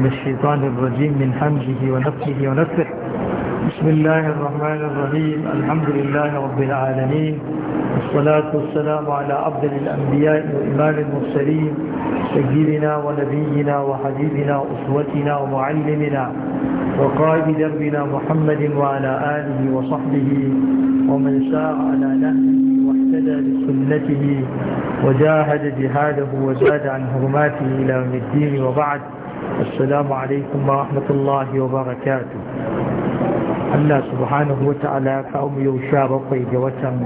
من الشيطان الرجيم من حمده ونفسه ونفسه بسم الله الرحمن الرحيم الحمد لله رب العالمين والصلاة والسلام على عبد الأنبياء وإمام المرسلين سيدنا ونبينا وحبيبنا أسوتنا ومعلمنا وقائد دربنا محمد وعلى آله وصحبه ومن سار على نهجه واهتدى بسنته وجاهد جهاده وزاد عن هرماته إلى يوم الدين وبعد السلام عليكم ورحمة الله وبركاته Allah subhanahu wa ta'ala ya kawo yau sha bakwai ga watan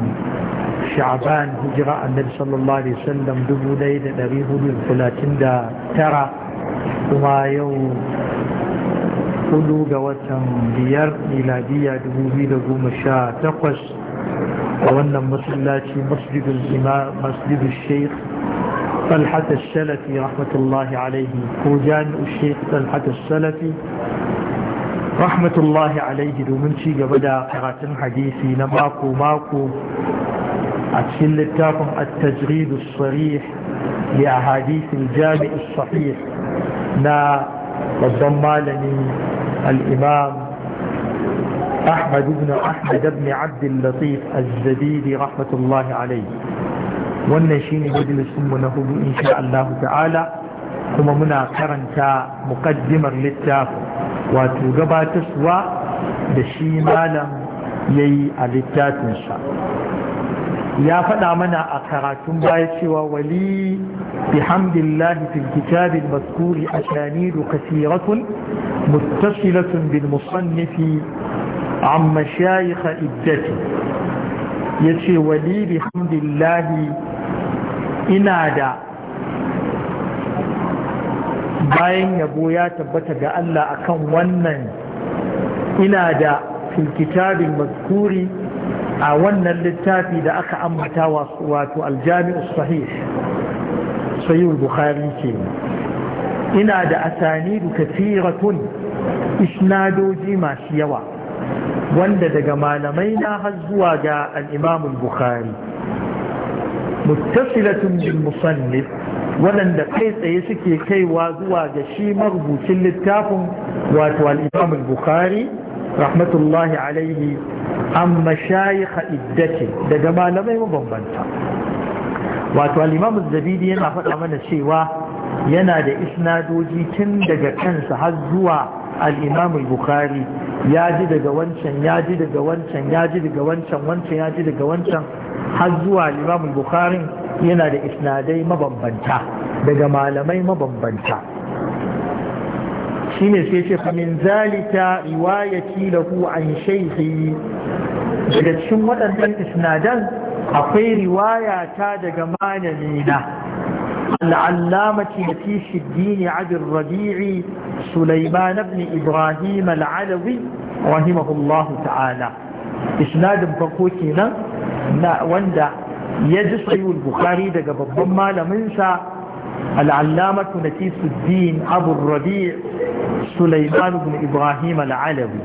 sha'aban hijira annabi sallallahu alaihi wasallam dubu ɗaya da ɗari hudu da talatin da tara kuma yau hudu ga watan biyar miladiya dubu biyu da goma sha takwas a wannan masallaci masjidul imam طلحة السلفي رحمة الله عليه وجان الشيخ طلحة السلفي رحمة الله عليه دومنشي قبل قراءة حديثي نماكو ماكو أتشل التافم التجريد الصريح لأحاديث الجامع الصحيح نا وضمالني الإمام أحمد بن أحمد بن عبد اللطيف الزبيدي رحمة الله عليه wannan shine majalisun mu na hudu sha Allah ta'ala kuma muna karanta muƙaddimar littafin wato gabatarwa da shi malam yayi a littafin ya faɗa mana a karatun baya cewa wali bihamdillah fil kitab al mazkur ashanid kathiratun muttasilatun bil musannifi عن مشايخ إدتي yace wali بحمد ina da bayan yabo ya tabbata ga Allah akan wannan ina da filkitabin maskuri a wannan littafi da aka ambata wato aljami'u sahih sayyid bukhari ce. ina da asanidu kafiratun isnadoji masu yawa wanda daga malamai na har zuwa ga al'imamul bukhari muttasilatun bil musannif waɗanda kai tsaye suke kaiwa zuwa ga shi marubucin littafin wato al-Imam al-Bukhari rahmatullahi alaihi amma mashayikha iddati daga malamai mabambanta wato al-Imam az-Zabidi yana faɗa mana cewa yana da isnadoji tun daga kansa har zuwa al-Imam al-Bukhari ya ji daga wancan ya ji daga wancan ya ji daga wancan wancan ya ji daga wancan har zuwa Limamin bukhari yana da isnadai mabambanta daga malamai mabambanta shine sai ce min zalika riwayati lahu an shaykhi daga cikin waɗannan isnadan akwai riwaya ta daga malamina العلامة نتيش الدين عبد الربيع سليمان بن إبراهيم العلوي رحمه الله تعالى إسناد فقوتنا wanda ya ji sayul bukhari daga babban malaminsa al'allamatu na kisuddin abu rabi sulaiman ibn ibrahim al'alabi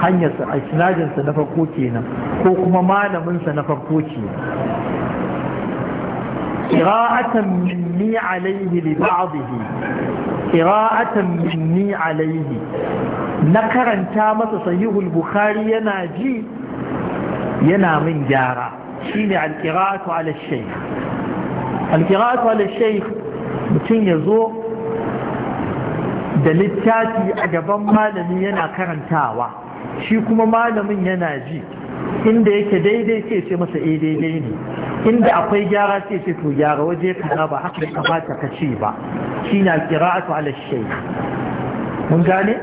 hanyarsa a sinajinsa na farko kenan ko kuma malaminsa na farko kenan. ce قراءة مني عليه لبعضه قراءة مني عليه نكرن تامة صحيح yana ji. yana min gyara shi alqira'atu ala shaykh alqira'atu ala mutum ya zo da littafi a gaban malami yana karantawa shi kuma malamin yana ji inda yake daidai sai ce masa eh daidai ne inda akwai gyara sai ce to gyara waje kaza ba haka ya kamata ka ce ba shine alqira'atu ala shaykh mun gane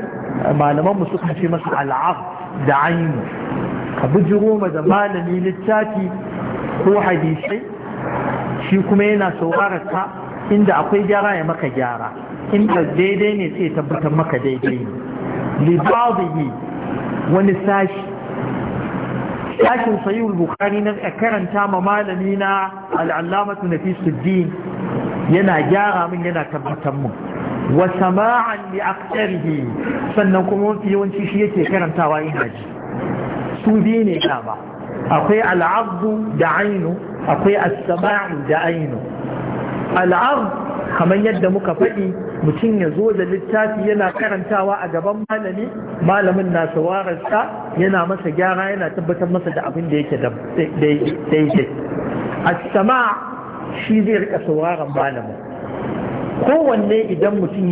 malaman mu suka masa al'ab da ainu ka bujiro ma da malami littafi ko hadisai shi kuma yana saurara ka inda akwai gyara ya maka gyara inda daidai ne sai tabbatar maka daidai ne libadihi wani sashi sashin sayul bukari na karanta ma malami na al'allamatu nafisuddin yana gyara min yana tabbatar mu wa sama'an li sannan kuma mafi yawanci shi yake karantawa ina ji su biyu ne dama akwai al'abdu da ainu akwai as-sama'u da ainu al'abd kamar yadda muka faɗi mutum ya zo da littafi yana karantawa a gaban malami malamin na sawararsa yana masa gyara yana tabbatar masa da abin da yake daidai as-sama' shi zai rika sauraron malamin kowanne idan mutum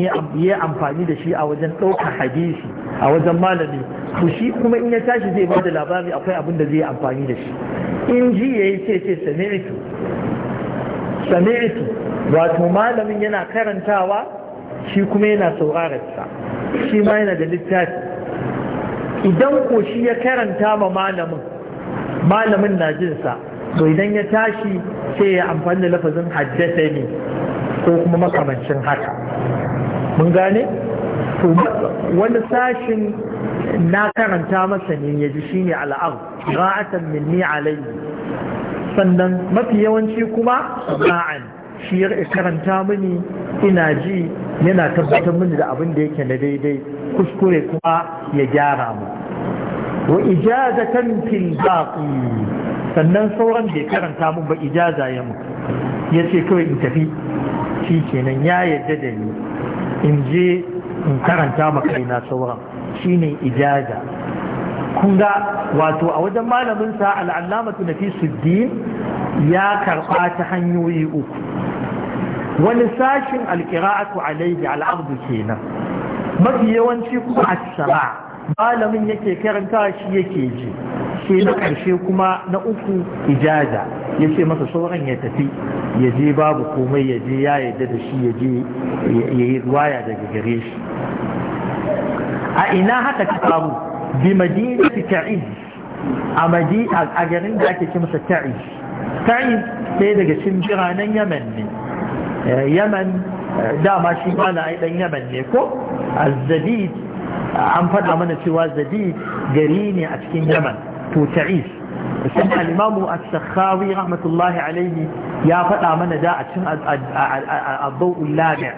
ya amfani da shi a wajen ɗaukar hadisi a wajen malami to shi kuma in ya tashi zai ba da labari akwai abin da zai amfani da shi in ji ya yi ce ce samiritu, wato malamin yana karantawa shi kuma yana saurararsa shi ma yana da littafi idan ko shi ya karanta ma malamin malamin na jin sa, to idan ya tashi sai ya amfani da lafazin haddasa ne ko kuma makamancin haka mun gane wani sashin na karanta masa ne ya ji shine al'ar ra'atan minni alayhi sannan mafi yawanci kuma ra'an shi ya karanta mini ina ji yana tabbatar mini da abin da yake na daidai kuskure kuma ya gyara mu wa ijazatan fil sannan sauran bai karanta mun ba ijaza ya mu ce kawai in tafi shi kenan ya yadda da ni in je in karanta ma kaina sauran shine ijaza kunga wato a wajen malamin sa al'allamatu nafisuddin ya karba ta hanyoyi uku wani sashin alqira'atu alayhi al'ardu kenan mafi yawanci kuma a sama malamin yake karanta shi yake ji sai na ƙarshe kuma na uku ijaza ya ce masa sauran ya tafi ya je babu komai ya je ya yadda da shi ya je ya yi ruwaya daga gare shi a ina haka ta faru bi ta ta'iz a madina a garin da ake ce masa ta'i ta'iz sai daga cikin biranen yaman ne yaman dama shi mana ai dan yaman ne ko azzabid an faɗa mana cewa zabid gari ne a cikin yaman to ta'iz sun alimamu a sakhawi rahmatullahi alaihi ya faɗa mana da a cin abubuwan lagar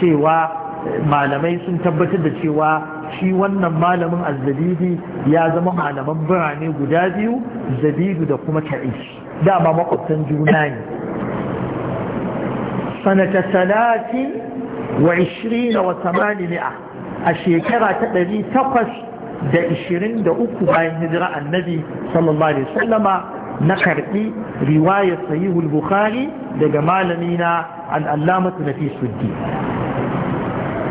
cewa malamai sun tabbatar da cewa shi wannan malamin azzabidi ya zama malaman birane guda biyu zabidu da kuma ta'ish dama makwabtan juna ne sanata talatin wa ishirina wa tamanini'a a shekara ta ɗari takwas da ishirin da uku bayan hijira annabi sallallahu alaihi sallama. na karɓi riwayar sahihul bukhari daga malamina al'allamatu na fi suddi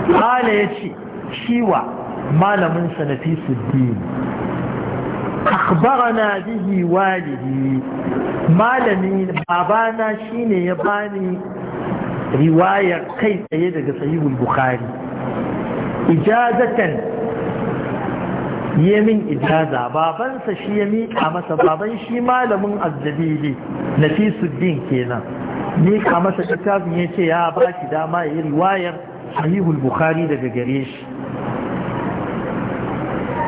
قال يا شيء شيوا malamin Nafisuddin, suddin akhbarana bihi walidi malami babana shine ya bani riwayar kai tsaye daga sahihul bukhari ijazatan yamin ijaza babansa shi ya miƙa masa baban shi malamin azzabili nafisuddin kenan miƙa masa littafin ya ce ya ba dama ya yi riwayar sahihul bukhari daga gare shi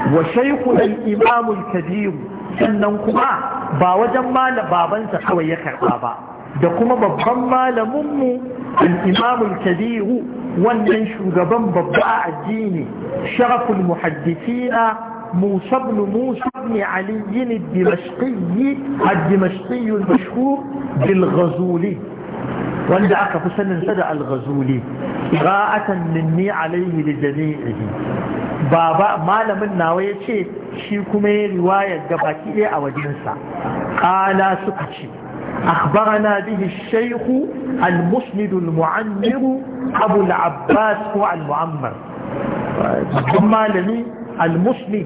wa shaykhuna al-imam al-kabir sannan kuma ba wajen malam babansa kawai ya karba ba da kuma babban malamin mu al-imam al-kabir wannan shugaban babba a addini sharaful muhaddithina موسى بن موسى بن علي الدمشقي الدمشقي المشهور بالغزولي وعند أكف سنة سدأ الغزولي قراءة مني عليه لجميعه baba malamin nawa ya ce shi kuma ya riwayar ga ɗaya a wajensa ƙala suka ce أخبرنا به ko المسند المعمر أبو العباس هو المعمر ثم لمن المسند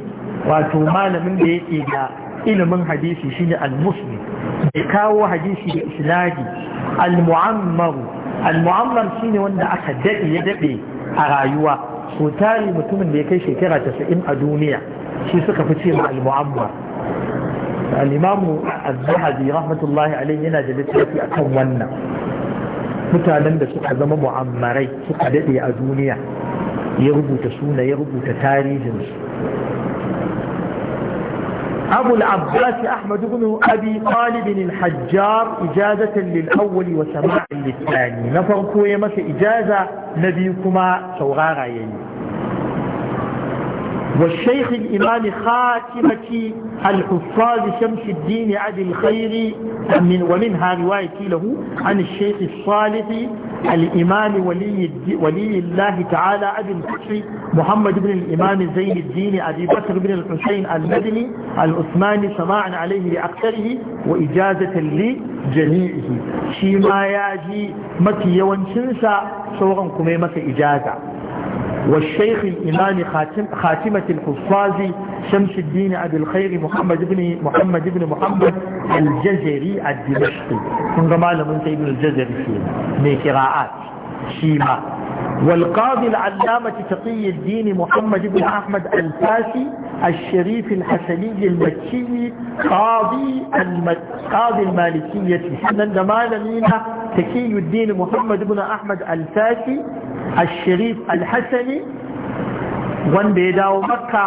وتوما لمن da ilimin hadisi shine al-muslim Mai kawo hadisi da isnadi al-mu'ammar al-mu'ammar shine wanda aka daɗe ya daɗe a rayuwa so tari mutumin da ya kai shekara casa'in a duniya shi suka fi ce ma al-mu'ammar al-imamu az-zahabi rahmatullahi alaihi yana da littafi akan wannan mutanen da suka zama mu'ammarai suka dade a duniya ya rubuta suna ya rubuta tarihinsu أبو العباس أحمد بن أبي طالب الحجار إجازة للأول وسماع للثاني نفرقوا يمس إجازة نبيكما سوغارا يلي والشيخ الإمام خاتمة الحفاظ شمس الدين عبد الخير من ومنها روايتي له عن الشيخ الصالح الإمام ولي, ولي الله تعالى أبي الفتح محمد بن الإمام زين الدين أبي بكر بن الحسين المدني العثماني سماعا عليه لأكثره وإجازة لجميعه شيما ياجي متي يوانشنسا سوغن كميمة إجازة والشيخ الإمام خاتم خاتمة الحفاظ شمس الدين أبي الخير محمد بن محمد بن محمد الجزري الدمشقي من رمال من سيد الجزري من قراءات شيما والقاضي العلامة تقي الدين محمد بن أحمد الفاسي الشريف الحسني المكي قاضي قاضي المالكية حنا مالمين تقي الدين محمد بن أحمد الفاسي al-sharif wanda ya dawo makka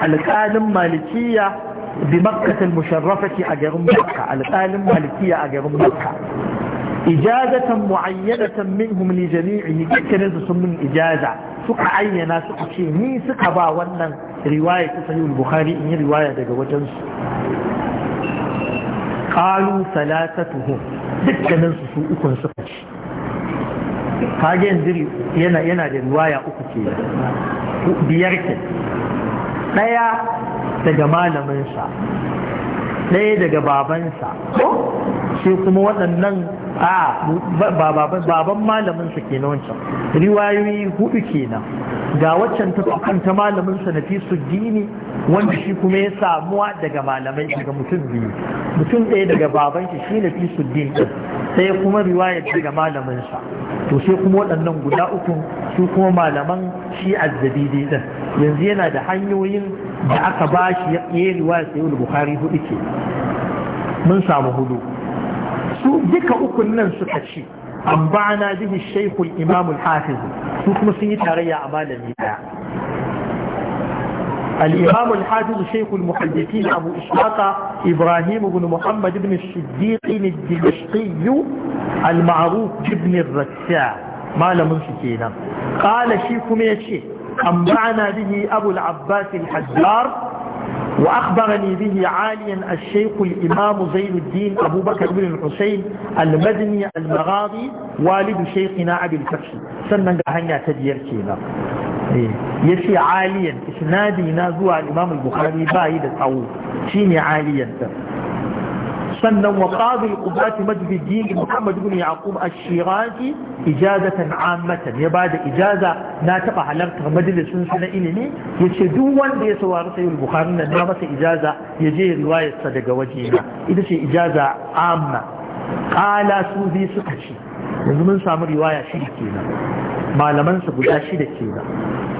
alƙalin malikiya bi makkatul a garin makka alƙalin malikiya a garin makka ijazatan mu'ayyanatan minhum li jami'ihi dukkanin su sun min ijaza suka ayyana suka ce ni suka ba wannan riwaya ta sahih bukhari in yi riwaya daga wajen su qalu salatatuhum dukkanin su su ukun Hagen biri yana da ruwaya uku ke biyar ke ɗaya daga malaminsa ɗaya daga babansa sai kuma waɗannan a baban malamin sa kenan wancan riwayoyi hudu kenan ga waccan ta ta malamin sa nafi suddini wanda shi kuma ya samuwa daga malamai daga mutum biyu mutum ɗaya daga baban shi shi nafi suddin din sai kuma riwaya daga malamin sa to sai kuma waɗannan guda uku su kuma malaman shi azzabidi din yanzu yana da hanyoyin da aka bashi ya riwaya sayyid bukhari hudu ke mun samu hudu su duka ukun nan suka ce an ba na bihi shaikul imamul hafiz su kuma sun yi tarayya a malami daya الإمام الحافظ شيخ المحدثين أبو إسحاق إبراهيم بن محمد بن الصديق الدمشقي المعروف بن الرساع ما لم سكينا قال شيخ ميشي أنبعنا به أبو العباس الحجار وأخبرني به عاليا الشيخ الإمام زين الدين أبو بكر بن الحسين المدني المغاضي والد شيخنا أبي الفتح سنن هنيا تدير كينا يسي إيه. عاليا إسنادي نازوع الإمام البخاري بايد الطاووس شيني عاليا ده. sannan wa qadi qubat majdi Muhammad ibn Yaqub ash-Shirazi ijazatan ammatan ya bada ijaza na taba halartar majlisin su na ilimi yace duk wanda ya saurari sayyid Bukhari nan na masa ijaza ya je riwayarsa sa daga wajena ita ce ijaza amma qala su bi suka ce yanzu mun samu riwaya shi kenan malaman su guda shida kenan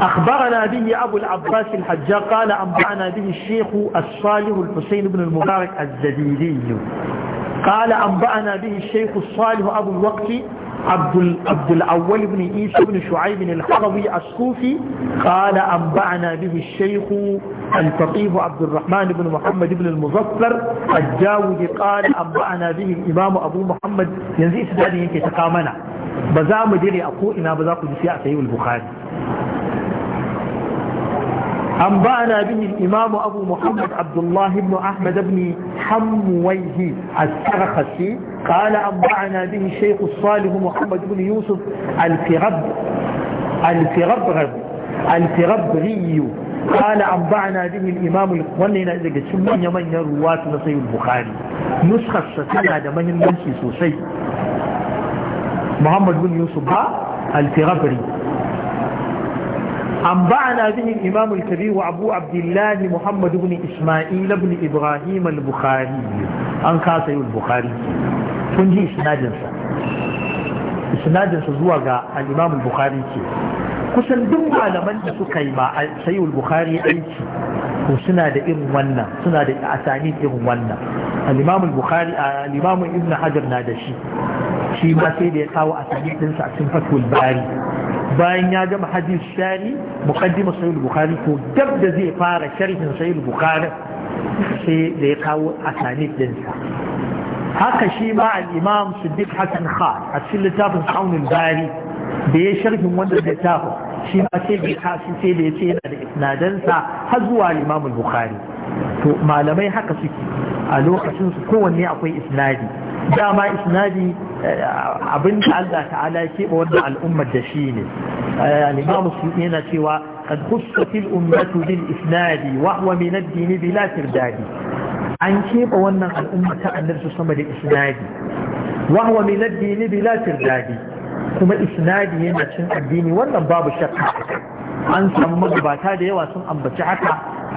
أخبرنا به أبو العباس الحجاج قال أنبأنا به الشيخ الصالح الحسين بن المبارك الزبيدي قال أنبأنا به الشيخ الصالح أبو الوقت عبد, عبد الأول بن عيسى بن شعيب الحربي الصوفي قال أنبأنا به الشيخ الفقيه عبد الرحمن بن محمد بن المظفر الجاودي قال أنبأنا به الإمام أبو محمد ينزل سداني ينكي تقامنا بزام دري أقوئنا بزاق جسيع سيئ البخاري أنبأنا به الإمام أبو محمد عبد الله بن أحمد بن حمويه السرخسي قال أنبأنا به الشيخ الصالح محمد بن يوسف الفرب الفربرب الفربري قال أنبأنا به الإمام ولنا إذا قد سمين من رواة نصي البخاري نسخة ستنا من المنسي سوسي محمد بن يوسف الفربري أنبأنا به الإمام الكبير أبو عبد الله محمد بن إسماعيل بن إبراهيم البخاري أن كاسي البخاري كنجي إسنادنسا إسنادنسا زوغا الإمام البخاري كي kusan duk malaman da suka yi ma al bukhari aiki to suna da irin wannan suna da asani irin wannan al-imam bukhari al-imam ibn hajar na da shi shi ma sai da ya kawo asani ɗinsa a cikin fatul bari bayan ya gama hadis shari muqaddima sahih bukhari ko dab da zai fara sharhin sahih bukhari sai da ya kawo asanid din sa haka shi ma al-imam siddiq hasan khan a cikin littafin saunul bari da ya sharhin wannan littafin shi ma sai da ya sai da ya ce yana da isnadansa har zuwa al-imam al-bukhari to malamai haka suke a lokacin su kowanne akwai isnadi dama isnadi eh, abin da Allah ta'ala ya keɓe wannan al'ummar da shi ne eh, al-imam yana cewa qad khussatil ummatu bil isnadi wa huwa min ad-din bila an keɓe wannan al'umma ta annabi su sama da isnadi wa huwa min ad-din bila kuma isnadi yana cin addini wannan babu shakka an samu magabata da yawa sun ambaci haka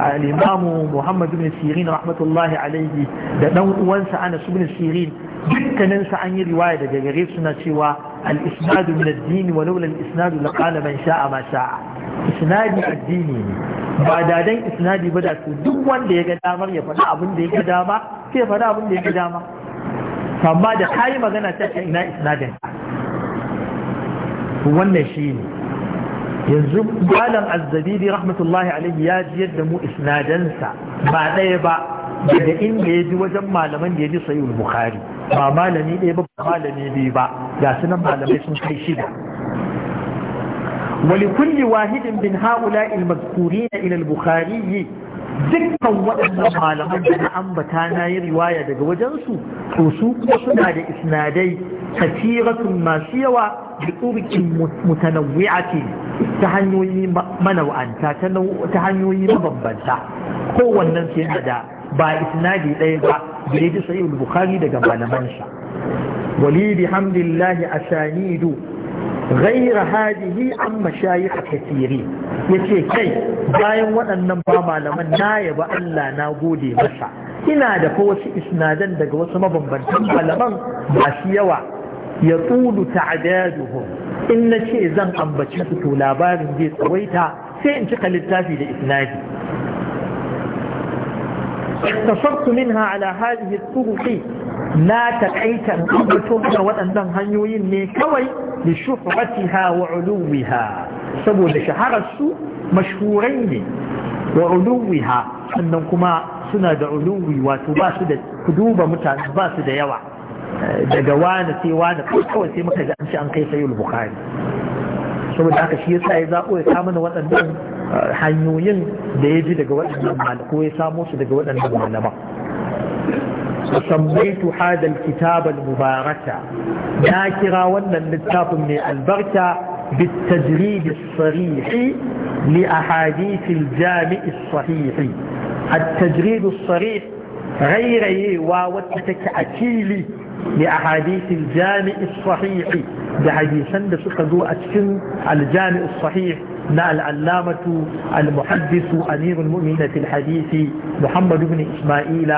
al'imamu Muhammadu bin sirin rahmatullahi alaihi da dan uwansa anas ibn sirin dukkaninsa an yi riwaya daga gare suna cewa al-isnad min ad-din wa laula al-isnad la qala man sha'a ma sha'a isnadi addini ne ba da dan isnadi ba da su duk wanda ya ga damar ya faɗa abin da ya ga dama sai faɗa abin da ya ga dama amma da kayi magana ta ina isnadin wannan shi ne yanzu malam azzabidi rahmatullahi alaihi ya ji yadda mu isnadansa ba ɗaya ba daga inda ya ji wajen malaman da ya ji sayi bukhari ba malami ɗaya ba malami biyu ba ga su nan malamai sun kai shida Bin واحد من هؤلاء المذكورين إلى Bukhari? dukkan waɗannan malaman da na ambata na yi riwaya daga wajensu to su kuma suna da isnadai kasiratun masu yawa da tsurikin mutanawwi'ati ta hanyoyi manawanta ta hanyoyi mabambanta kowannen su yana da ba isnadi ɗaya ba da ya ji sayi bukhari daga malamansa walidi a asanidu غير هذه عن مشايخ كثيرين yace kai bayan waɗannan ba malaman na yaba Allah na gode masa ina da fa wasu isnadan daga wasu mabambantan malaman masu yawa ya tsulu ta'adaduhum in nace ce zan ambaci su to labarin zai tsawaita sai in cika littafi da isnadi اختصرت منها على هذه الطرق لا تقيت أن أبتون waɗannan hanyoyin ne kawai. li shuhratiha wa uluwiha saboda shaharar su mashhurai ne wa uluwiha sannan kuma suna da uluwi wato ba su da kuduba mutane ba su da yawa daga wani sai wani kawai sai muka ji an ce an kai sayul bukhari saboda haka shi yasa ya zaɓo ya samu waɗannan hanyoyin da ya ji daga waɗannan malamai ko ya samo su daga waɗannan malaman وسميت هذا الكتاب المبارك ذاكرا ولا الكتاب من البركة بالتجريد الصريح لأحاديث الجامع الصحيح التجريد الصريح غير يوا والتكأكيل لأحاديث الجامع الصحيح بحديثا بسقدوا أتكن الجامع الصحيح نا العلامة المحدث أمير المؤمنين في الحديث محمد بن إسماعيل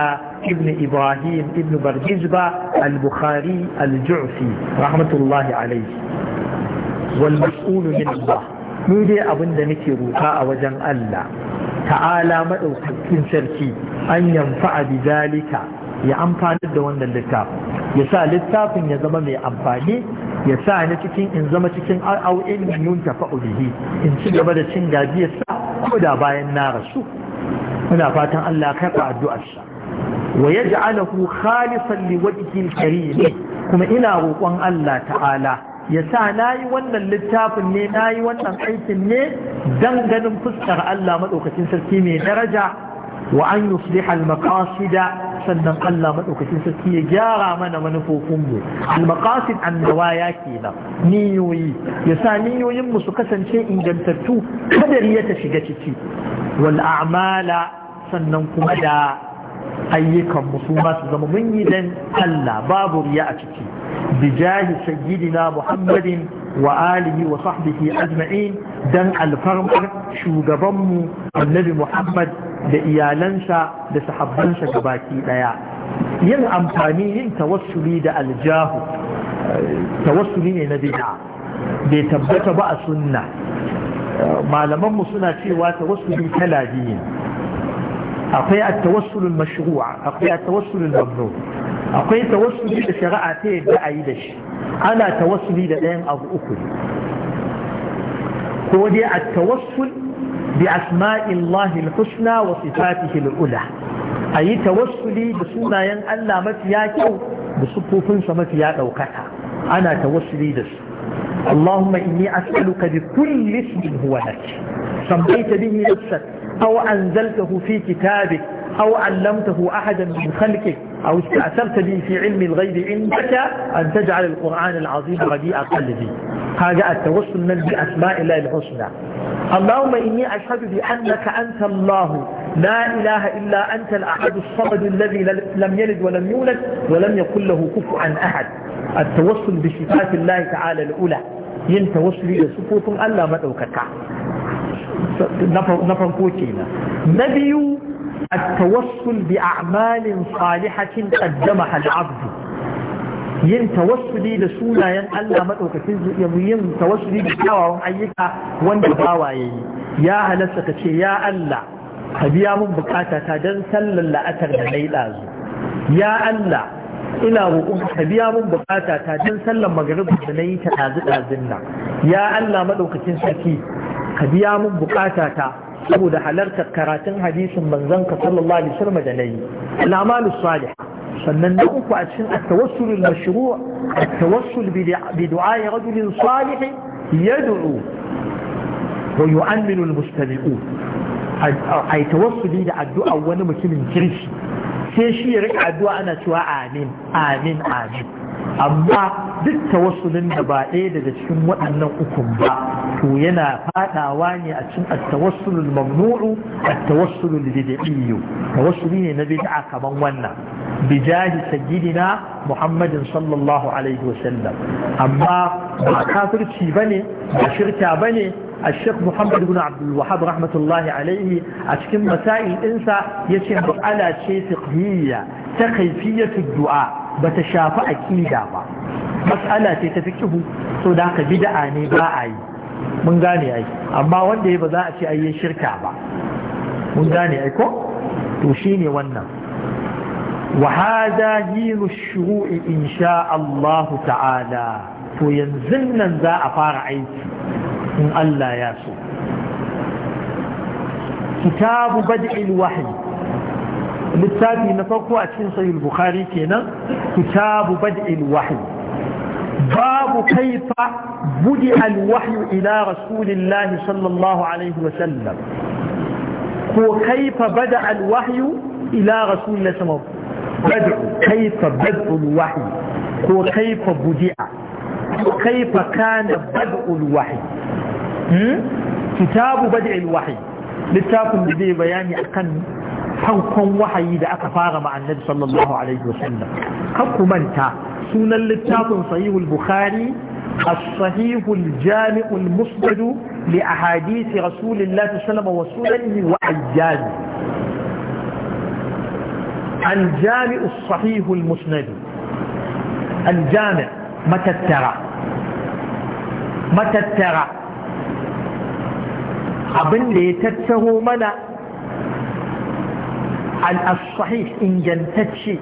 ابن إبراهيم ابن برجزبة البخاري الجعفي رحمة الله عليه والمسؤول من الله mu dai abin da nake roka a wajen Allah ta'ala maɗaukakin sarki an yamfa bi bijalika ya amfanar da wannan littafin ya sa littafin ya zama mai amfani ya sa ni cikin in zama cikin au'in min yunta bihi in ci gaba da cin gajiyar sa ko da bayan na rasu Ina fatan Allah ka ka addu'ar sa wa yaj'alahu khalisan liwajhi al-karim kuma ina roƙon Allah ta'ala ya sa nayi wannan littafin ne nayi wannan aikin ne dan ganin fuskar Allah madaukakin sarki mai daraja wa an yusliha al-maqasida sannan Allah madaukakin sarki ya gyara mana manufofinmu al-maqasid an-nawaya kenan niyoyi ya sa niyoyin mu su kasance ingantattu kadari ya ta shiga ciki wal a'mala sannan kuma da ayyukan mu su ma su zama mun yi dan Allah babu riya a ciki bijahi sayyidina Muhammadin wa alihi wa sahbihi ajma'in dan alfarmar shugabanmu annabi Muhammad da iyalansa da sahabbansa gabaki daya yin amfani yin tawassuli da aljahu tawassuli ne na bid'a bai tabbata ba a sunna malamanmu suna cewa tawassuli kala biyu akwai at-tawassul al-mashru' akwai at-tawassul al akwai tawassuli da shari'a ta yadda a yi da shi ana tawassuli da ɗayan abu uku ko dai a tawassul bi asma'illahi al-husna wa Sifatihil Ula. ula ayi tawassuli da sunayen Allah mafiya kyau da sufufinsa mafiya ɗaukaka ana tawassuli da su اللهم إني أسألك بكل اسم هو لك سميت به نفسك أو أنزلته في كتابك أو علمته أحدا من خلقك أو استأثرت بي في علم الغيب عندك أن تجعل القرآن العظيم ربيع قلبي هذا التوسل من بأسماء الله الحسنى اللهم إني أشهد بأنك أنت الله لا إله إلا أنت الأحد الصمد الذي لم يلد ولم يولد ولم يكن له كفوا أحد التوسل بصفات الله تعالى الأولى yin tawassuli da ألا Allah maɗaukaka na farko kenan التوسل بأعمال صالحة قدمها العبد yin tawassuli da sunayen Allah maɗaukacin yin tawassuli da kyawawan ayyuka wanda bawa ya yi ya halasta ka ce ya Allah ka biya mun bukata ta don sallar la'atar da na yi ɗazu ya Allah ina roƙon ka biya mun bukata ta don sallar magariba da na yi ta ɗazu ɗazun nan ya Allah maɗaukacin sarki ka biya mun bukata ta saboda halartar karatun hadisin manzon ka sallallahu alaihi wasallam da nayi al-amalu salih sannan na uku a cikin at-tawassul al-mashru' at-tawassul bi du'a'i rajulin salih yad'u wa yu'minu al-mustami'un ai tawassuli da addu'a wani mutumin kirki sai shi ya rika addu'a ana cewa amin amin amin amma duk tawassulin da ba ɗaya daga cikin waɗannan ukun ba to yana fadawa ne a cikin at-tawassulul mamnu'u at-tawassulul bid'iyyu tawassuli ne na bid'a kaman wannan bijahi sayyidina Muhammadin sallallahu alaihi wasallam amma ba kafirci bane ba shirka bane الشيخ محمد بن عبد الوهاب رحمة الله عليه أشكم مسائل إنسى يشهد على شيء فقهية تخيفية الدعاء بتشافى أكيدا مسألة تفكه صداق بدعاني باعي mun gane ai amma wanda ya ba za a ce ai shirka ba mun gane yi ko to shine wannan wa hada hinu shuru'i insha allahu ta'ala to yanzun nan za a fara aiki اسم الله ياسو كتاب بدء الوحي لساتي نفقه أتشين صحيح البخاري كينا كتاب بدء الوحي باب كيف بدء الوحي إلى رسول الله صلى الله عليه وسلم هو كيف بدء الوحي إلى رسول الله صلى الله عليه وسلم بدء كيف بدء الوحي هو كيف بدء كيف كان بدء الوحي كتاب بدء الوحي لتاكم بدي بياني أكن فوقهم وحي إذا أكفار مع النبي صلى الله عليه وسلم كفر من تا سنة لتاك صحيح البخاري الصحيح الجامع المصدد لأحاديث رسول الله صلى الله عليه وسلم وعجاز الجامع الصحيح المسند الجامع متى الترى متى الترى abin da ya tattaho mana al ingantacce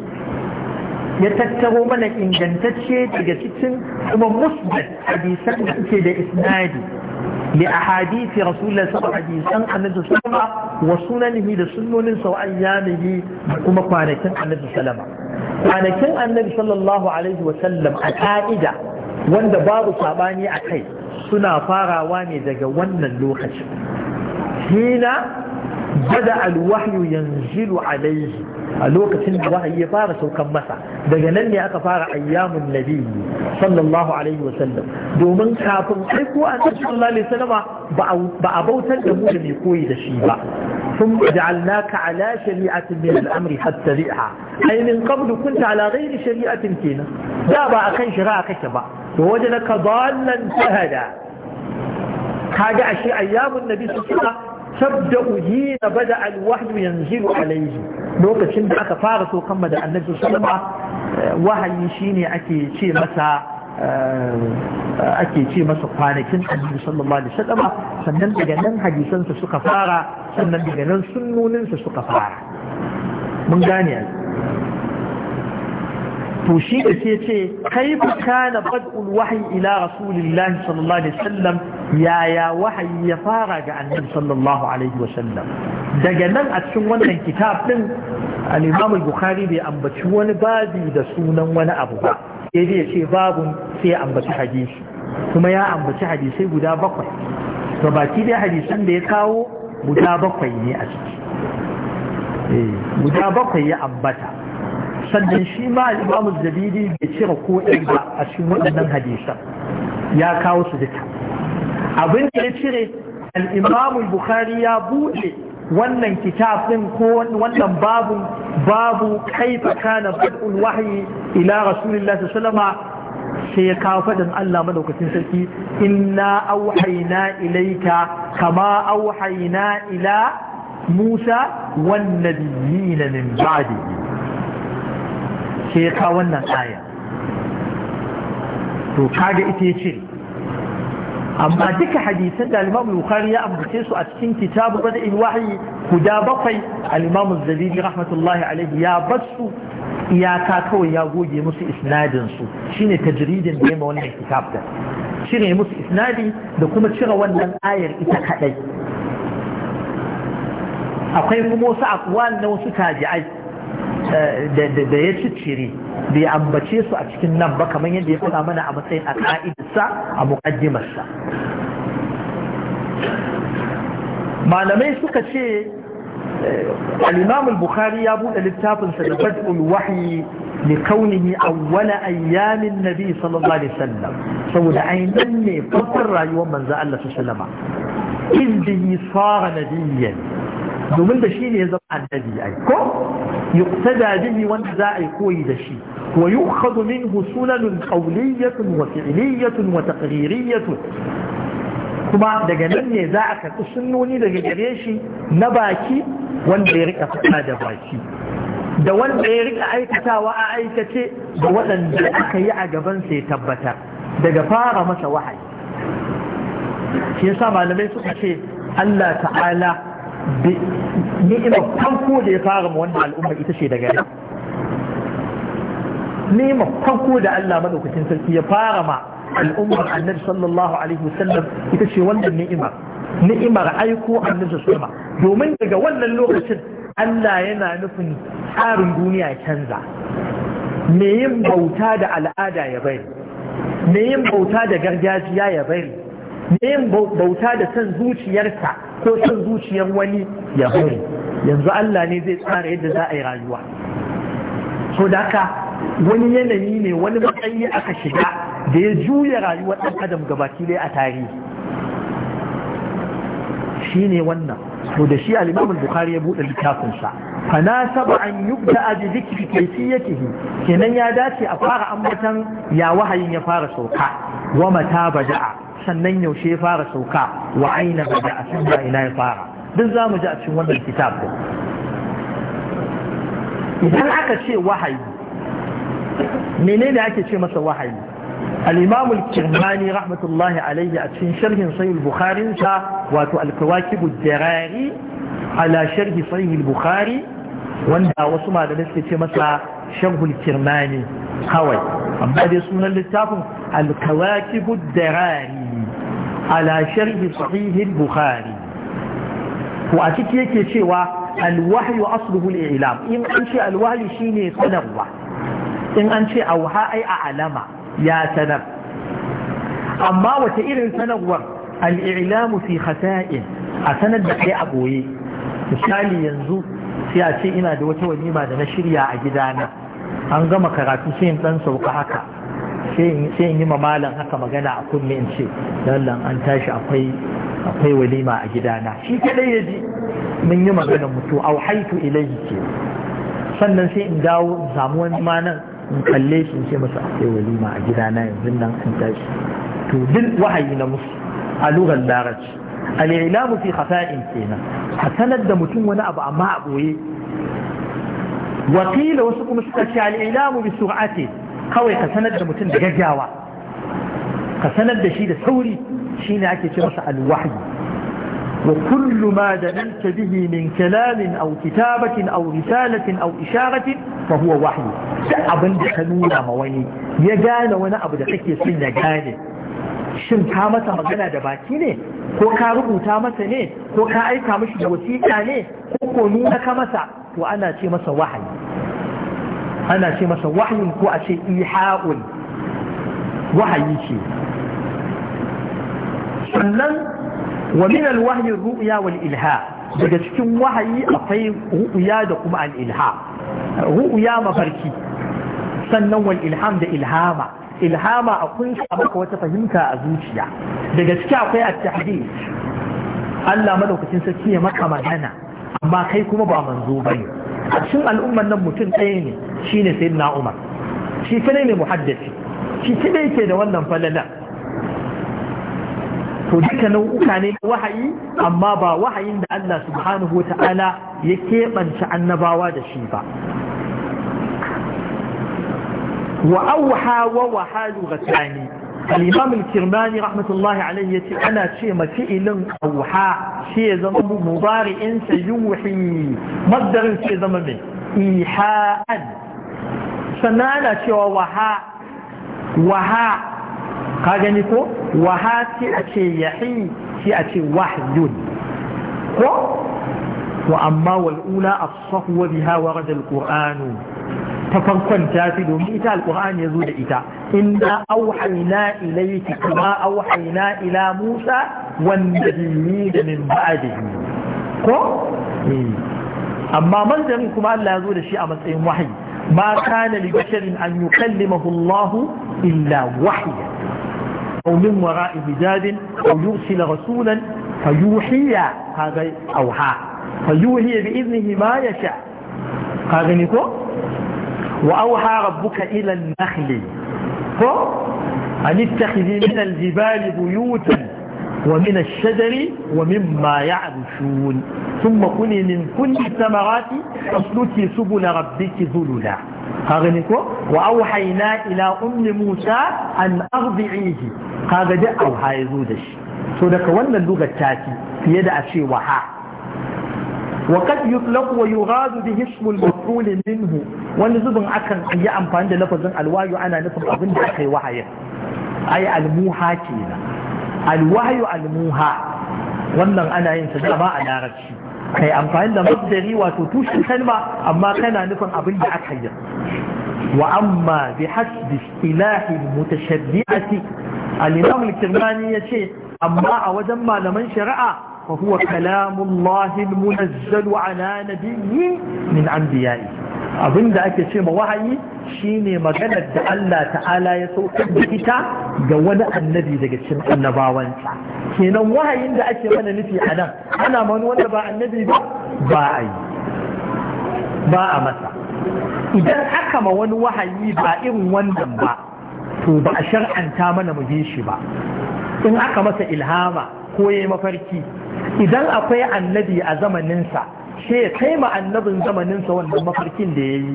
ya tattaro mana ingantacce daga cikin kuma musbad hadisan da suke da isnadi li ahadithi rasulullah sallallahu alaihi wasallam annabi sallama wa sunanihi da sunnonin sa ayyamihi da kuma kwanakin annabi sallama kwanakin annabi sallallahu alaihi wasallam a ka'ida wanda babu sabani a kai suna farawa ne daga wannan lokacin hina bada alwahyu yanzilu alaihi a lokacin da wahayi ya fara saukan masa daga nan ne aka fara ayyamun nabi sallallahu alaihi wasallam domin kafin aiko a sallallahu alaihi wasallama ba a bautar da mu da mai koyi da shi ba ثم جعلناك على شريعة من الأمر حتى رئها أي من قبل كنت على غير شريعة كينا لا بقى كان شراء كشبا ووجدك ضالا فهدى هذا أشياء أيام النبي صلى الله عليه وسلم تبدأ حين بدأ الوحي ينزل عليه لوكا شند أكا فارس وقمد النبي صلى الله عليه وسلم وحي شيني أكي شي مسا ake ce masa kwanakin annabi sallallahu alaihi wasallam sannan daga nan hadisansa suka fara sannan daga nan sunnoninsa suka fara mun gane to shi da sai ce kaifa kana bad'ul wahyi ila rasulillahi sallallahu alaihi wasallam yaya wahayi ya fara ga annabi sallallahu alaihi wasallam daga nan a cikin wannan kitab din al-imam al-bukhari bai ambaci wani babi da sunan wani abu ba sai dai ya ce babun sai ya ambaci hadisi kuma ya ambaci hadisai guda bakwai to baki dai hadisan da ya kawo guda bakwai ne a ciki eh, guda bakwai ya ambata sannan shi ma imamu zabidi bai cire ko ba a cikin waɗannan hadisan ya kawo su duka abin da ya cire al'imamu bukhari ya buɗe wannan kitafin ko wannan babu babu kai kana bad'ul wahyi ila rasulillahi sallama sai ya kawo faɗin Allah madaukakin sarki inna auhaina ilaika kama auhaina ila Musa wan nabiyina min ba'dihi sai ya kawo wannan aya to kaga ita ya ce amma duka hadisan da alimamu bukhari ya ambace su a cikin kitabu bada wahayi guda bakwai alimamu zalili rahmatullahi alaihi ya basu iyaka kawai ya goge musu isnadin su shine tajridin da yamma wannan kitab da cire musu isnadi da kuma cire wannan ayar ita kadai akwai kuma wasu akwal na wasu tabi'ai da ya ciccire bai ambace su a cikin nan ba kamar yadda ya faɗa mana a matsayin a ka'idarsa a muƙaddimarsa malamai suka ce eh, al'imamul bukhari ya buɗe littafinsa da fadul wahyi li kaunihi awwala ayyamin nabi sallallahu alaihi wasallam saboda ainihin ne farkon rayuwar manzo Allah sallallahu alaihi wasallam idhi sara nabiyyan domin da shi ne ya zama annabi ai ko yuqtada bihi wanda za a yi koyi da shi wa yu'khadhu minhu sunanun qawliyyatun wa fi'liyyatun wa kuma daga nan ne za a karɓi sunnoni daga gare shi na baki wanda ya rika faɗa da baki da wanda ya rika aikatawa a aikace da waɗanda aka yi a gaban sai tabbata daga fara masa wahayi shi yasa malamai suka ce Allah ta'ala ni'imar farko da ya fara ma wanda al'umma ita ce daga ni ni'imar farko da Allah madaukakin sarki ya fara ma al'ummar annabi sallallahu alaihi wasallam ita ce wannan ni'imar ni'imar aiko annabi sallama domin daga wannan lokacin Allah yana nufin tsarin duniya ya canza me yin bauta da al'ada ya bari me yin bauta da gargajiya ya bari yin bauta da son zuciyarsa ko son zuciyar wani ya bari yanzu Allah ne zai tsara yadda za a yi rayuwa so da haka wani yanayi ne wani matsayi aka shiga da ya juya rayuwar ɗan adam gaba ɗaya a tarihi shi ne wannan to da shi al-Imam bukhari ya buɗe littafinsa sa fa nasaba an yubda bi dhikri kayfiyatihi kenan ya dace a fara ambatan ya wahayin ya fara sauka wa mata sannan yaushe ya fara sauka wa aina ba da a ina ya fara duk za mu a cikin wannan kitab idan aka ce wahayi menene ake ce masa wahayi al-imam al-kirmani rahmatullahi alayhi a cikin sharhin sahih al wato al-kawakib ad-darari ala sharhi sahih al wanda wasu malamai suke ce masa sharh al-kirmani kawai amma dai sunan littafin al-kawakib ad ala sharhi sahih bukhari to a ciki yake cewa alwahyu asluhu al-i'lam in an ce alwahyu shine sanarwa in an ce auha ai a alama ya sanar amma wata irin sanarwar al-i'lamu fi khasa'in a sanar da kai a boye misali yanzu sai a ce ina da wata walima da na shirya a gidana an gama karatu sai in dan sauka haka sai in yi mamalan haka magana a kunne in ce lallan an tashi akwai walima a gidana shi kadai ya ji mun yi magana mutu au haitu ilayhi ce sannan sai in dawo in samu wani ma in kalle shi in ce masa akwai walima a gidana yanzu nan an tashi to duk wahayi na musu a lugar larabci al'ilamu fi khafa'in kenan a sanar da mutum wani abu amma a ɓoye. wakila wasu kuma suka ce al'ilamu bi sur'ati kawai ka sanar da mutum da gaggawa ka sanar da shi da sauri shine ake ce masa alwahyi wa kullu ma dananta bihi min kalamin aw kitabatin aw risalatin aw isharatin fa huwa wahyi da abin da ka nuna ma wani ya gane wani abu da kake son ya gane shin ka masa magana da baki ne ko ka rubuta masa ne ko ka aika mishi da wasiƙa ne ko ko nuna ka masa to ana ce masa wahayi ana ce masa wahayin ko a ce iha'un wahayi ce sannan wa min alwahyi ru'ya wal ilha daga cikin wahayi akwai ru'ya da kuma al ilha ru'ya mafarki sannan wal ilham da ilhama ilhama a akwai maka wata fahimta a zuciya daga ciki akwai at-tahdid Allah madaukakin sarki ya maka magana amma kai kuma ba manzo bane a cikin nan mutum ɗaya ne shine sayyidina umar shi ta ne muhaddasi shi ne ke da wannan falala to duka nau'uka ne na wahayi amma ba wahayin da Allah subhanahu wa ta'ala ya keɓance annabawa da shi ba wa auha wa wahalu ghatani الإمام الكرماني رحمة الله عليه يتي أنا شيء ما شيء لن أوحى شيء زمن مضارع سيوحي مصدر شيء زمن إيحاء سنانا شيء وحاء وحاء قاعدني يعني كو وحاء شيء أشي يحي شيء أشي واحد وأما والأولى الصفو بها ورد القرآن تفرقن تاتي دومي القرآن يزود إتا إنا أوحينا إليك كما أوحينا إلى موسى والنبيين من بعده كو؟ أما من جميع كما الله يزود الشيء أمسئين وحي ما كان لبشر أن يكلمه الله إلا وحيا أو من وراء بجاد أو يرسل رسولا فيوحي هذا أوحى فيوحي بإذنه ما يشاء هذا نقول وأوحى ربك إلى النخل أن اتخذي من الجبال بيوتا ومن الشجر ومما يعرشون ثم كني من كل الثمرات فاسلكي سبل ربك ذللا وأوحينا إلى أم موسى أن أرضعيه هذا جاء أوحى يزودش سودك ولا اللغة تاتي في يد أشي وحاه وقد يطلق ويغاد به اسم المفعول منه wani zubin akan yi amfani da lafazin alwayu ana nufin abin da aka yi wahaya ai almuha kenan alwayu almuha wannan ana yin sa ba a larabci kai amfani da masdari wato tushen kalma amma kana nufin abin da aka yi wa amma bi hasbi ilahi mutashabbi'ati al-imam al-kirmani yace amma a wajen malaman shari'a فهو كلام الله المنزل على نبيه من أنبيائه abin da ake ce ma wahayi shine maganar da Allah ta'ala ya saukar da ita ga wani annabi daga cikin annabawansa kenan wahayin da ake mana nufi a nan ana mani wanda ba annabi ba ba a yi ba a masa idan aka ma wani wahayi ba irin wannan ba to ba a shar'anta mana mu bi shi ba in aka masa ilhama ko yayi mafarki idan akwai annabi a zamaninsa sai ya kai ma annabin zamaninsa wannan mafarkin da ya yi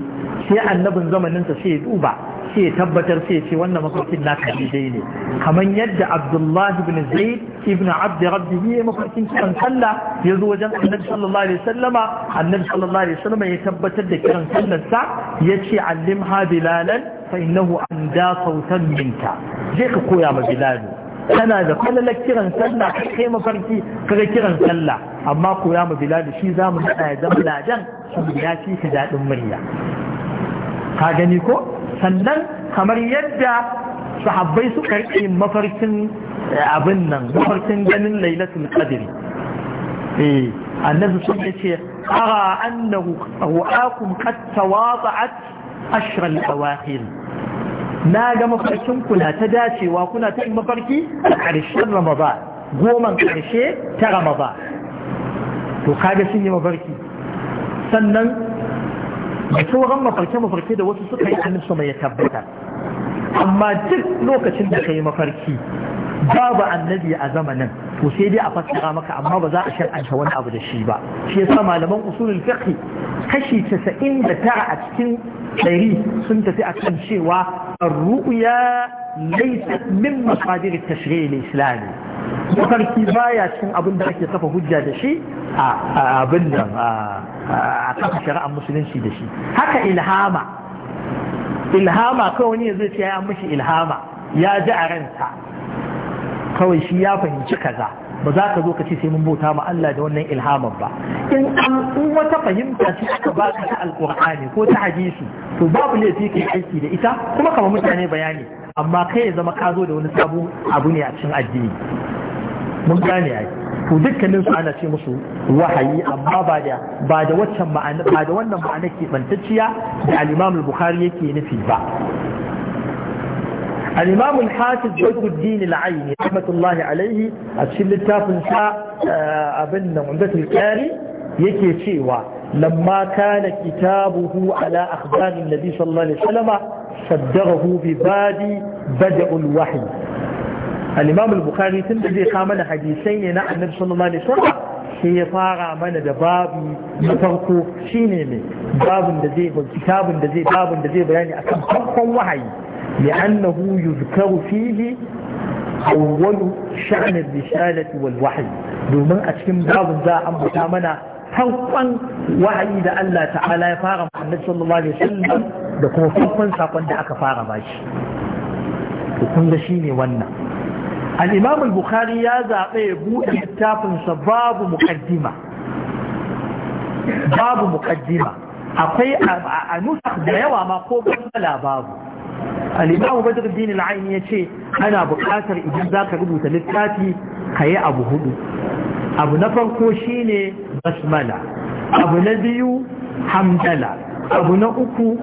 sai annabin zamaninsa sai ya duba sai ya tabbatar sai ya ce wannan mafarkin na ka daidai ne kamar yadda abdullahi ibn zaid ibn abd rabbihi ya mafarkin kiran sallah ya zo wajen annabi sallallahu alaihi wasallama annabi sallallahu alaihi wasallama ya tabbatar da kiran sallarsa ya ce allimha bilalan fa innahu anda sautan minka zai ka koya ma bilalu Tana da falalar kiran sallah kai kai mafarki kaga kiran sallah amma koya ya mu da shi za mu hada ya zama ladan shi ya ci shi dadin murya ka gani ko sannan kamar yadda sahabbai suka yi mafarkin eh, abin nan mafarkin ganin lailatul qadri eh annabi sun yace ara annahu wa'akum qad tawada'at ashra al-awakhir na ga mafarkin na ta dacewa kuna ta mafarki a ƙarshen ramadan goma ƙarshe ta ramadan to kaga sun yi mafarki sannan da sauran mafarke-mafarke da wasu suka yi annisu mai ya tabbata amma duk lokacin da ka yi mafarki babu annabi a zamanin to sai dai a fassara maka amma ba za a shar'anta wani abu da shi ba shi yasa malaman usulul fiqh kashi 99 a cikin ɗari sun tafi a kan cewa ru'uya laisa min masadir tashri'il islami mafarki baya cin abin da ake kafa hujja da shi a abin da a kafa shari'ar musulunci da shi haka ilhama ilhama kawai wani zai ce ya mishi ilhama ya ji a ransa kawai shi ya fahimci kaza ba za ka zo ka ce sai mun bauta ma Allah da wannan ilhaman ba in an wata fahimta shi aka ba ka ta alkur'ani ko ta hadisi to babu laifi kai aiki da ita kuma kamar mutane bayani amma kai ya zama ka zo da wani sabon abu ne a cikin addini mun gane ai to dukkanin su ana ce musu wahayi amma ba da ba da waccan ma'ana ba da wannan ma'ana ke bantacciya da al-Imam al-Bukhari yake nufi ba al-imam al-hafiz Jaykuddin al-Aini rahmatullahi alaihi a cikin littafin sa abin yake cewa lamma kana kitabuhu ala akhbarin nabi sallallahu alaihi wasallam saddaqahu bi badi bada'ul wahyi al-imam al-bukhari tun da zai kama na hadisai ne na annabi sallallahu alaihi wasallam sai ya fara mana da babu na farko shine mai babin da zai da zai da zai bayani akan farkon wahayi لأنه يذكر فيه أول شأن الرسالة والوحي domin a cikin babu za a ambata mana farkon wahayi da Allah ta'ala ya fara Muhammad sallallahu alaihi da kuma farkon sakon da aka fara bashi to kun ga shine wannan al bukhari ya zabe ya bude littafin sa babu muqaddima babu muqaddima akwai a nusakh da yawa ma ko ba babu al'imamu badruddin al'aini ya ce ana buƙatar idan za ka rubuta littafi ka yi abu hudu abu na farko shi ne basmala abu na biyu hamdala abu na uku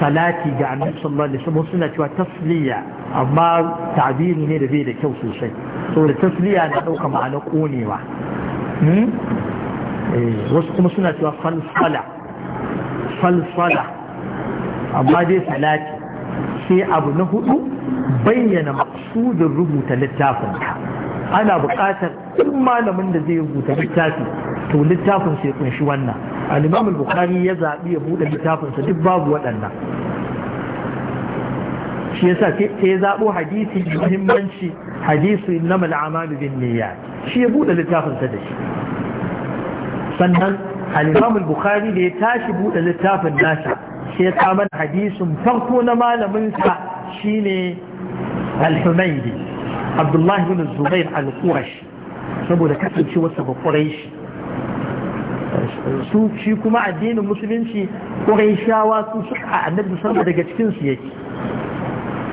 salati ga annabi sallallahu alaihi wasallam suna cewa tasliya amma ta'biri ne da bai da kyau sosai saboda tasliya na dauka ma'ana konewa hmm? eh, wasu kuma suna cewa falsala falsala amma dai salati sai abu na hudu bayyana maksudin rubuta littafin ana buƙatar duk malamin da zai rubuta littafi to littafin sai kunshi wannan al-imam al-bukhari ya zabi ya bude littafin sa duk babu waɗannan shi yasa sai zabo hadisi muhimmanci hadisu innama al-a'malu binniyat shi ya bude littafin sa da shi sannan al-imam al-bukhari da ya tashi bude littafin nasa sai ya da hadisin farko na malaminsa shine al-humaydi abdullahi bin zubair al qurash saboda kasance wasa ba quraish su shi kuma addinin musulunci quraishawa su suka annabi sallallahu daga cikin su yake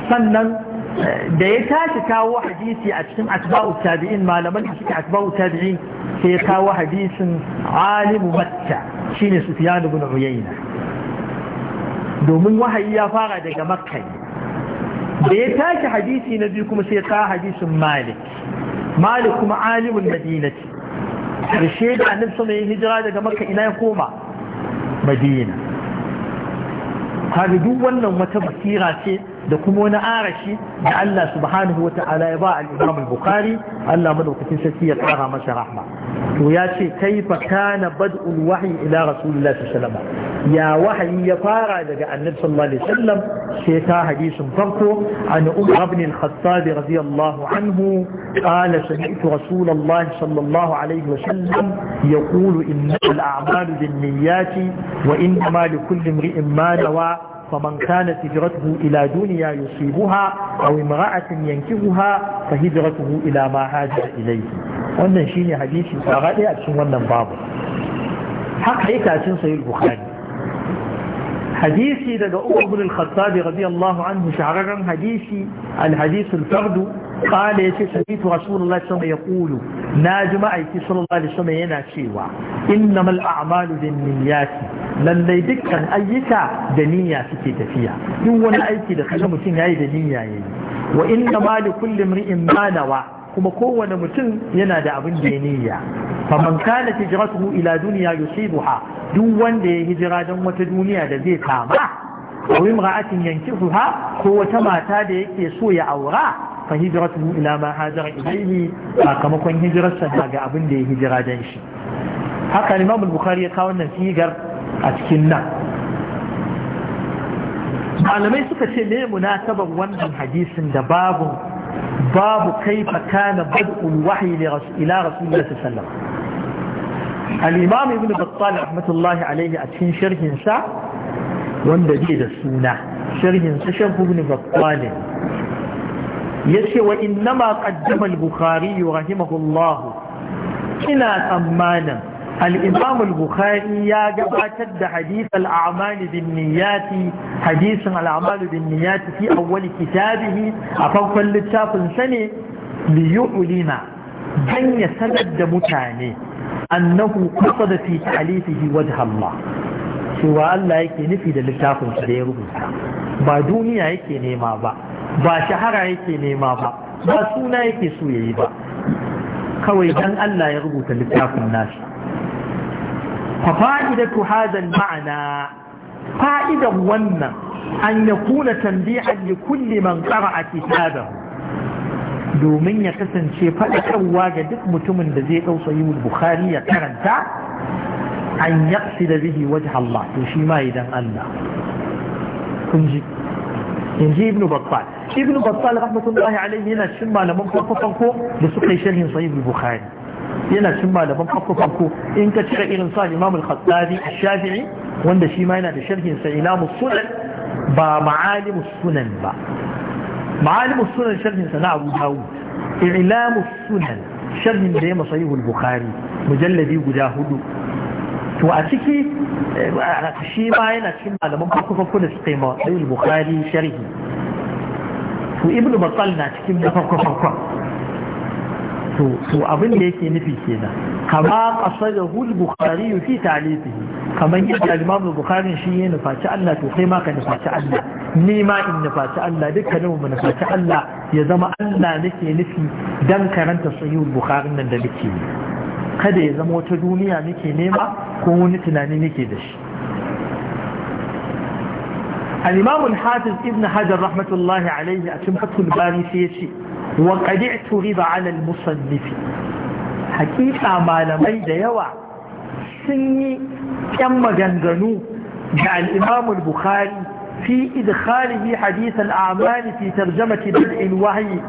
sannan eh, da ya tashi kawo hadisi a cikin atba'u tabi'in malaman da suke atba'u tabi'in sai ya kawo hadisin alimu matta shine sufyan ibn uyayna domin wahayi ya fara daga makai. da ya tashi hadisi na biyu kuma sai ka hadisin malik malik kuma alimin madinati karshe da annabi sama ya hijira daga makka ina ya koma madina kaga duk wannan wata basira ce da kuma wani arashi da Allah subhanahu wa ta'ala ya ba al-Imam al-Bukhari Allah madaukakin sarki ya tsara masa rahma to ya ce kaifa kana bad'ul wahyi ila rasulillahi sallallahu alaihi wasallam ya wahayi ya fara daga annabi sallallahu alaihi wasallam sai ta hadisin farko an umar ibn al-khattab radiyallahu anhu qala sami'tu rasulullahi sallallahu alaihi wasallam yaqulu inna al-a'malu bin-niyyati wa innama likulli imri'in ma nawa فمن كانت هجرته إلى دنيا يصيبها أو امرأة ينكبها فهجرته إلى ما هاجر إليه wannan shine hadisi tsara ɗaya a cikin wannan babu haka yake a cikin sahih hadisi daga Umar ibn al-Khattab radiyallahu anhu shahararren hadisi al-hadith al-fard qala yace sabitu rasulullahi sallallahu alaihi wasallam yaqulu naji ma'aiki sallallahu alaihi wasallam yana cewa innamal a'malu binniyat lallai dukkan ayyuka da niyya suke tafiya duk wani aiki da kaga mutum yayi da niyya yayi wa inna ma li kulli imrin ma nawa kuma kowane mutum yana da abin da ya niyya da kana hijratuhu ila dunya yusibuha duk wanda ya hijira don wata duniya da zai kama ko imra'atin yankihuha ko wata mata da yake so ya aura fa hijratuhu ila ma hajara ilayhi sakamakon hijirarsa daga abin da ya hijira dan shi haka Imam Bukhari ya kawo wannan sigar a cikin nan malamai suka ce me munasabar wannan hadisin da babu babu kaifa kana bad'ul wahyi ila rasulullah sallallahu alaihi wasallam al-imam ibn battal a cikin sharhin sa wanda bai da suna sharhin sa sharh ibn battal yace wa innama qaddama al-bukhari rahimahullah ina tsammanin الإمام البخاري يا جبعت حديث الأعمال بالنيات حديث الأعمال بالنيات في أول كتابه أفوق اللتاف سنة ليعلم أن يسند متاني أنه قصد في تعليفه وجه الله cewa Allah yake nufi da littafinsa da ya rubuta ba duniya yake nema ba ba shahara yake nema ba ba suna yake so yayi ba kawai dan Allah ya rubuta littafin nashi ففائدة هذا المعنى فائدة ون أن يكون تنبيعا لكل من قرأ كتابه domin ya kasance faɗakarwa ga duk mutumin da zai ɗau sayi bukhari ya karanta an yaƙsi da bihi wajen Allah to shi ma idan Allah kun ji in ji ibn babbal ibn babbal rahmatullahi alaihi yana cin malaman farko da suka yi sharhin sayi bukhari yana cin malaman farko farko in ka cire irin sa imam al-khattabi shafi'i wanda shi ma yana da sharhin sa ilamu sunan ba ma'alimu sunan ba ma'alimu sunan sharhin sa na abu dawud ilamu sunan sharhin da ya masa masayi bukhari mujalladi guda hudu to a ciki eh, shi ma yana cin malaman farko farko da suka yi masayi bukhari sharhi to ibnu battal na cikin da farko to abin da yake nufi kenan kama qasadahu al-bukhari fi ta'lifihi kaman yadda al-imam shi ya nufaci Allah to kai ma ka nufaci Allah ni ma in nufaci Allah dukkanin mu nufaci Allah ya zama Allah nake nufi dan karanta sahih al nan da muke. kada ya zama wata duniya nake nema ko wani tunani nake da shi al-imam al-hafiz ibn hajar rahmatullahi alayhi a cikin fathul bari sai ya ce wa qadi'tu riba 'ala al-musannif hakika malamai da yawa sun yi yan maganganu da al-imam bukhari fi idkhalihi hadith al-a'mal fi tarjamati bid'il wahyi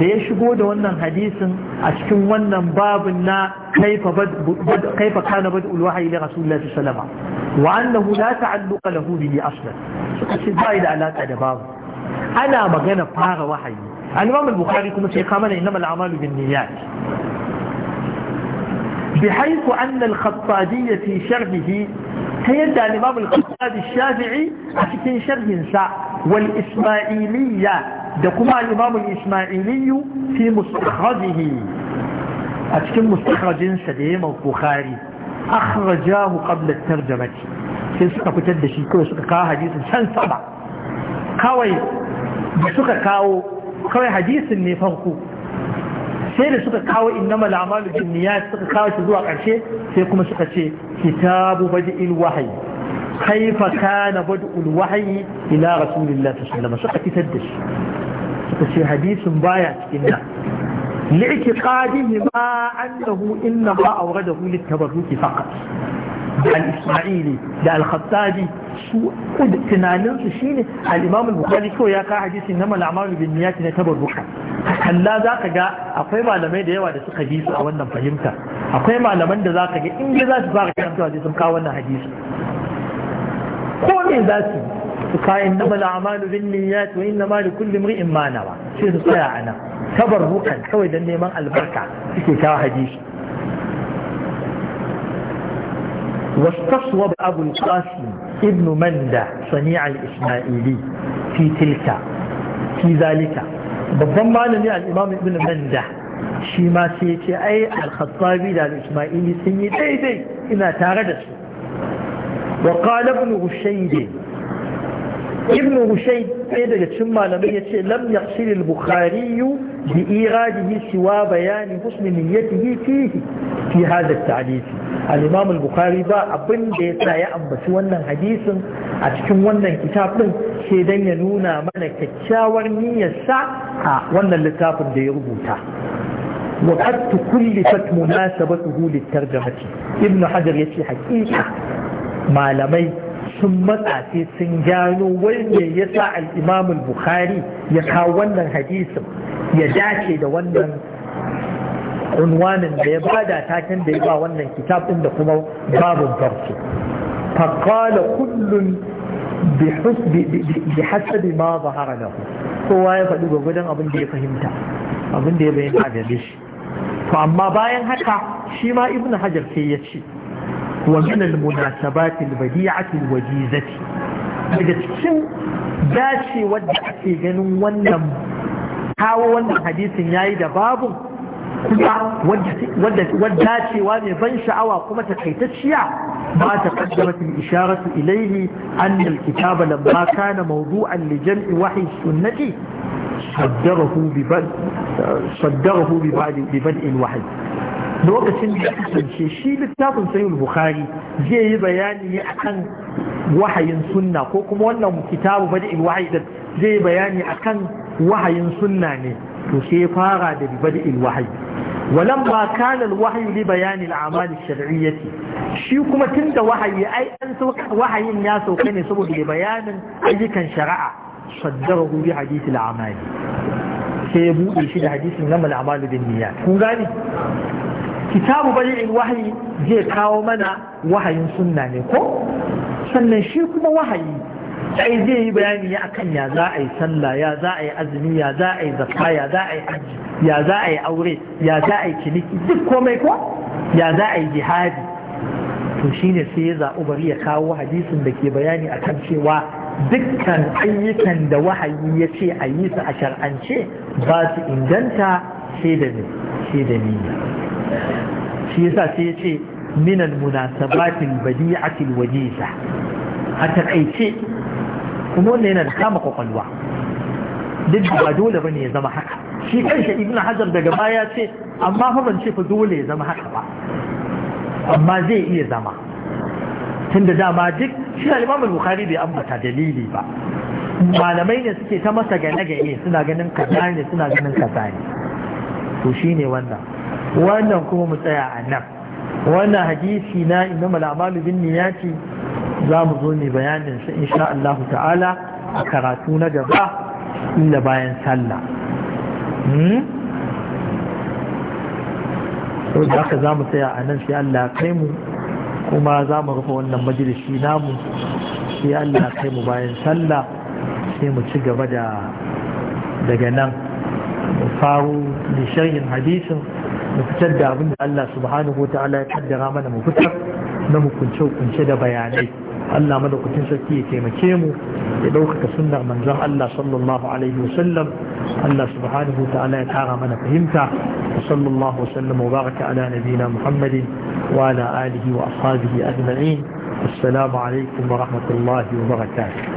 da ya shigo da wannan hadisin a cikin wannan babin na kaifa kana bad'ul wahyi li rasulillahi sallallahu alaihi wasallam wa annahu la ta'alluqa lahu bihi aslan suka ce da alaka da babu ana magana fara wahayi يعني الإمام البخاري كما سيقامنا إنما الأعمال بالنيات بحيث أن الخطابي في شرحه سيدعى الإمام الخطابي الشافعي في شرح ساء والإسماعيلية دقما الإمام الإسماعيلي في مستخرجه أتكلم مستخرج سليم البخاري أخرجاه قبل الترجمة sai suka fitar da shi kawai suka kawo hadisin can kawai hadisin ne farko sai da suka kawo innama al'amalu bin niyyat suka kawo shi zuwa ƙarshe sai kuma suka ce kitabu bad'il wahyi kaifa kana bad'ul wahyi ila rasulillahi sallallahu alaihi wasallam suka fitar da shi suka ce hadisin baya cikin nan لإعتقادهما أنه إنما أورده al-isma'ili da al-khattabi su tunaninsu shine ne imam al-bukhari kawai ya ka hadisi na mal'amaru bin niyati na tabar buka kalla zaka ga akwai malamai da yawa da suka bi su a wannan fahimta akwai malaman da zaka ga in za su fara karanta hadisi sun kawo wannan hadisi ko me za su su kayan na mal'amaru bin niyati wa inna ma kullum ri'in ma nawa shi su tsaya a nan tabar kawai da neman albarka suke kawo hadisi واستصوب أبو القاسم ابن مندع صنيع الإسماعيلي في تلك في ذلك بضمان لي الإمام ابن مندع شما سيتي أي الخطابي دا الإسماعيلي سيد أي دي إنا تاردس وقال ابن غشيد ابن غشيد أيضا يتم على لم يقصر البخاري بإيراده سوى بيان حسن نيته فيه في هذا التعريف al’imam al-bukhari ba abin da ya ya ambaci wannan hadisin a cikin wannan kitabin ke don ya nuna mana kyakkyawar niyyarsa a wannan littafin da ya rubuta waƙattu kulli fatmu na saba tuhu littar da mace ibn hajar ya ce haƙiƙa malamai sun matsafi sun gano wanda ya sa al-imam bukhari ya kawo wannan hadisin ya dace da wannan unwanin da ya bada taken da ya ba wannan kitab ɗin da kuma babu farko faqala da bi hasabi ma zahara lahu kowa ya faɗi gwagwadon abin da ya fahimta abin da ya bayyana a gare shi to amma bayan haka shi ma ibnu hajar sai ya ce wa min al munasabati al badi'ati al wajizati daga cikin dace wadda ake ganin wannan kawo wannan hadisin yayi da babu kuma wadda cewa mai ban sha'awa kuma takaitacciya ba ta kaddamatin isharatu ilaihi an alkitaba lamma kana mawdu'an li jam'i wahyi sunnati saddarahu bi bad saddarahu bi bad bi bad'in wahyi lokacin da kasance shi littafin sayyid bukhari zai yi bayani ne akan wahayin sunna ko kuma wannan kitabu bad'in wahyi din zai yi bayani akan wahayin sunna ne to sai fara da bibadil wahayi walam ba kana alwahyu li bayan al'amal ash-shar'iyyati shi kuma tinda wahayi wahayin ya sauka ne saboda ya bayanin ayyukan shari'a saddara gubi hadisi al'amal sai ya bude shi da hadisi na al'amal bin niyyat kun gani kitabu bayan wahyi zai kawo mana wahayin sunna ne ko sannan shi kuma wahayi sai zai yi bayani ya akan ya za a yi sallah ya za a yi azumi ya za a yi zafa ya za a yi ya za a yi aure ya za a yi ciniki duk komai ko ya za a yi jihadi to shine sai ya zaɓi bari ya kawo hadisin da ke bayani akan cewa dukkan ayyukan da wahayi ya ce a yi su a shar'ance ba su inganta sai da sai shi yasa sai ya ce minan munasabatin badi'atil wajiza a takaice kuma wannan yana da kama kwakwalwa duk ba dole ne ya zama haka shi kansa Ibn hajar daga baya ce amma fa ban ce fa dole ya zama haka ba amma zai iya zama tunda dama duk shi al-imam al-bukhari bai ambata dalili ba malamai ne suke ta masa gane-gane suna ganin kaza ne suna ganin kaza ne to shine wannan wannan kuma mu tsaya a nan wannan hadisi na al amalu bin niyati za mu zo ne bayanin su insha Allah ta'ala a karatu na gaba illa bayan sallah hmm? sau da haka za mu tsaya a nan sai Allah kai mu kuma za mu rufe wannan majalisi namu sai Allah kai mu bayan sallah sai mu ci gaba da daga nan mu faru da sharhin hadisin mu fitar da abin da Allah subhanahu wa ta'ala ya kaddara mana mu fitar na hukunce-hukunce da bayanai Allah madaukakin sarki ya taimake mu ya ɗaukaka sunnar manzon Allah sallallahu alaihi wasallam Allah subhanahu wa ta'ala ya tara mana fahimta sallallahu wasallam wa baraka ala nabina Muhammadin wa ala alihi wa ashabihi ajma'in assalamu alaikum wa rahmatullahi wa barakatuh